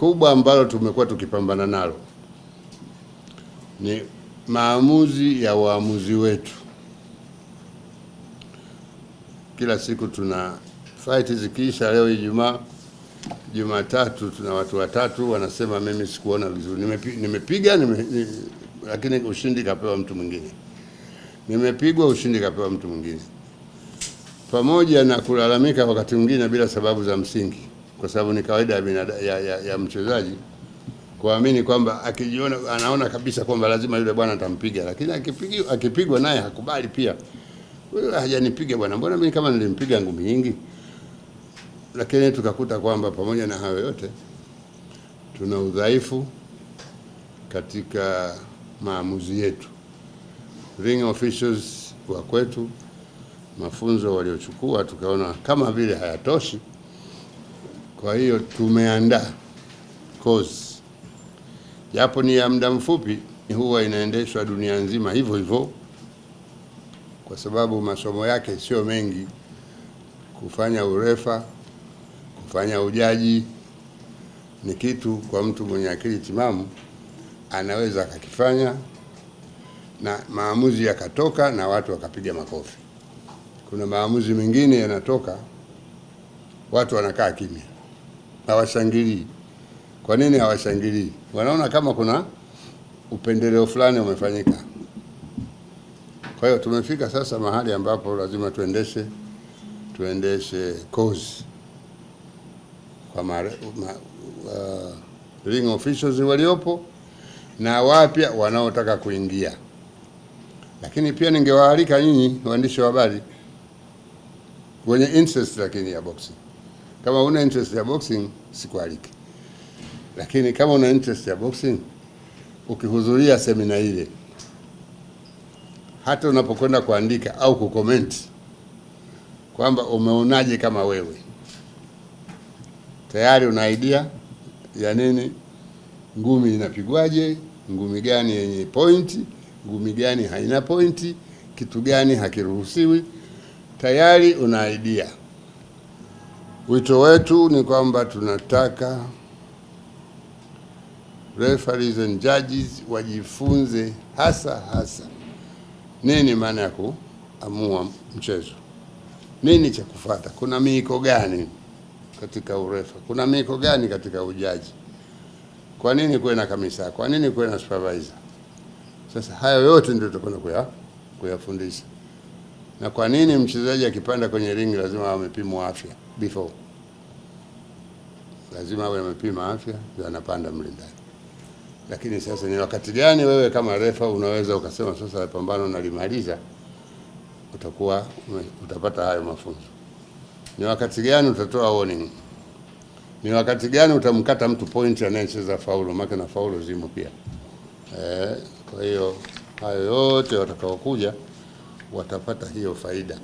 kubwa ambalo tumekuwa tukipambana nalo ni maamuzi ya waamuzi wetu. Kila siku tuna fight, zikiisha leo Ijumaa, Jumatatu tuna watu watatu wanasema mimi sikuona vizuri, nimepiga nime nime, lakini ushindi kapewa mtu mwingine, nimepigwa ushindi kapewa mtu mwingine, pamoja na kulalamika wakati mwingine bila sababu za msingi kwa sababu ni kawaida ya, ya, ya, ya mchezaji kuamini kwamba akijiona anaona kabisa kwamba lazima yule bwana atampiga, lakini akipigwa akipigwa naye hakubali pia, wewe hajanipiga bwana, mbona mimi kama nilimpiga ngumi nyingi. Lakini tukakuta kwamba pamoja na hayo yote tuna udhaifu katika maamuzi yetu. Ring officials wa kwetu, mafunzo waliochukua tukaona kama vile hayatoshi kwa hiyo tumeandaa course, japo ni ya muda mfupi, huwa inaendeshwa dunia nzima hivyo hivyo, kwa sababu masomo yake sio mengi: kufanya urefa, kufanya ujaji ni kitu kwa mtu mwenye akili timamu anaweza akakifanya na maamuzi yakatoka na watu wakapiga makofi. Kuna maamuzi mengine yanatoka watu wanakaa kimya hawashangilii. Kwa nini hawashangilii? Wanaona kama kuna upendeleo fulani umefanyika. Kwa hiyo tumefika sasa mahali ambapo lazima tuendeshe tuendeshe kozi kwa ma, ma, uh, ring officials waliopo na wapya wanaotaka kuingia. Lakini pia ningewaalika nyinyi waandishi wa habari wenye interest lakini ya boxing kama una interest ya boxing sikualiki, lakini kama una interest ya boxing ukihudhuria semina ile, hata unapokwenda kuandika au kukomenti kwamba umeonaje, kama wewe tayari una idea ya nini ngumi inapigwaje, ngumi gani yenye pointi, ngumi gani haina pointi, kitu gani hakiruhusiwi, tayari una idea. Wito wetu ni kwamba tunataka referees and judges wajifunze hasa hasa nini maana ya kuamua mchezo, nini cha kufuata, kuna miiko gani katika urefa, kuna miiko gani katika ujaji, kwa nini kuwe na kamisa, kwa nini kuwe na supervisor. Sasa hayo yote ndio tutakwenda kuyafundisha. Na kwa nini mchezaji akipanda kwenye ringi lazima amepimwa afya before? Lazima awe amepima afya ndio anapanda mle ndani. Lakini sasa ni wakati gani wewe kama refa unaweza ukasema sasa pambano nalimaliza? Utakuwa utapata hayo mafunzo. Ni wakati gani utatoa warning? Ni wakati gani utamkata mtu point anayecheza faulu? Maana na faulu zimo pia. Eh, kwa hiyo hayo yote watakaokuja watapata hiyo faida.